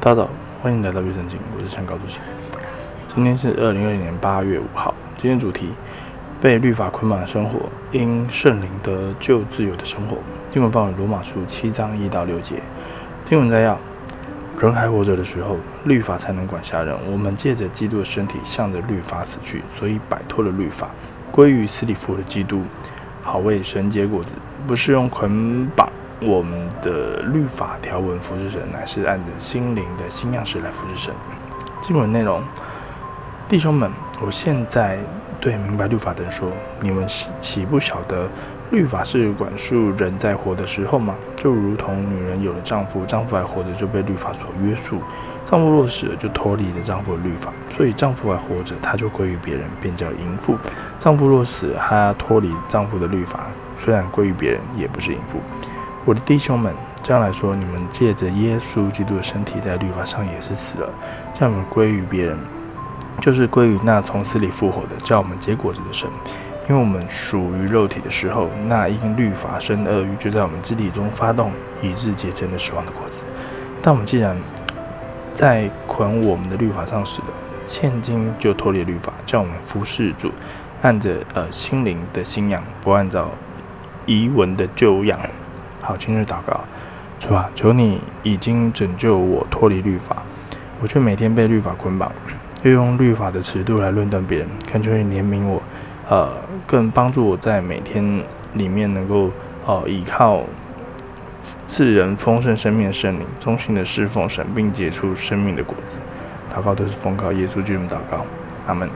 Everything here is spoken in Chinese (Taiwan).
大家好，歡迎來到樂聖經，我是陳高主席。今天是二零二零年八月五號。今天主題：被律法捆綁的生活，因聖靈得救自由的生活。經文放羅馬書七章一到六節。經文摘要：人還活着的時候，律法才能管轄人。我們借着基督的身體向着律法死去，所以擺脫了律法，歸於死裡復活的基督，好為神結果子，不是用捆綁。我們的律法條文服事神，乃是按著心靈的新樣式來服事神。經文內容：弟兄們，我現在對明白律法的人說，你們豈不曉得，律法是管束人在活的時候嗎？就如同女人有了丈夫，丈夫還活着，就被律法所約束；丈夫若死了，就脫離了丈夫的律法。所以，丈夫還活着，他就歸於別人，便叫淫婦；丈夫若死，他要脫離丈夫的律法，雖然歸於別人，也不是淫婦。我的弟兄們，這樣來說，你們借着耶穌基督的身體在律法上也是死了，叫我們歸於別人，就是歸於那從死裡復活的，叫我們結果子的神。因為我們屬於肉體的時候，那因律法生的惡欲就在我們肢體中發動，以致結成了死亡的果子。但我們既然在捆我們的律法上死了，現今就脫離了律法，叫我們服事主，按着呃、心靈的新樣，不按照儀文的舊樣。好，今日禱告，主啊，求你已經拯救我脫離律法，我卻每天被律法捆綁，又用律法的尺度來論斷別人，看就會憐憫我，呃，更幫助我在每天裡面能夠，呃，依靠賜人豐盛生命的聖靈，忠心的侍奉神，並結出生命的果子。禱告都是奉靠耶穌基督禱告，阿門。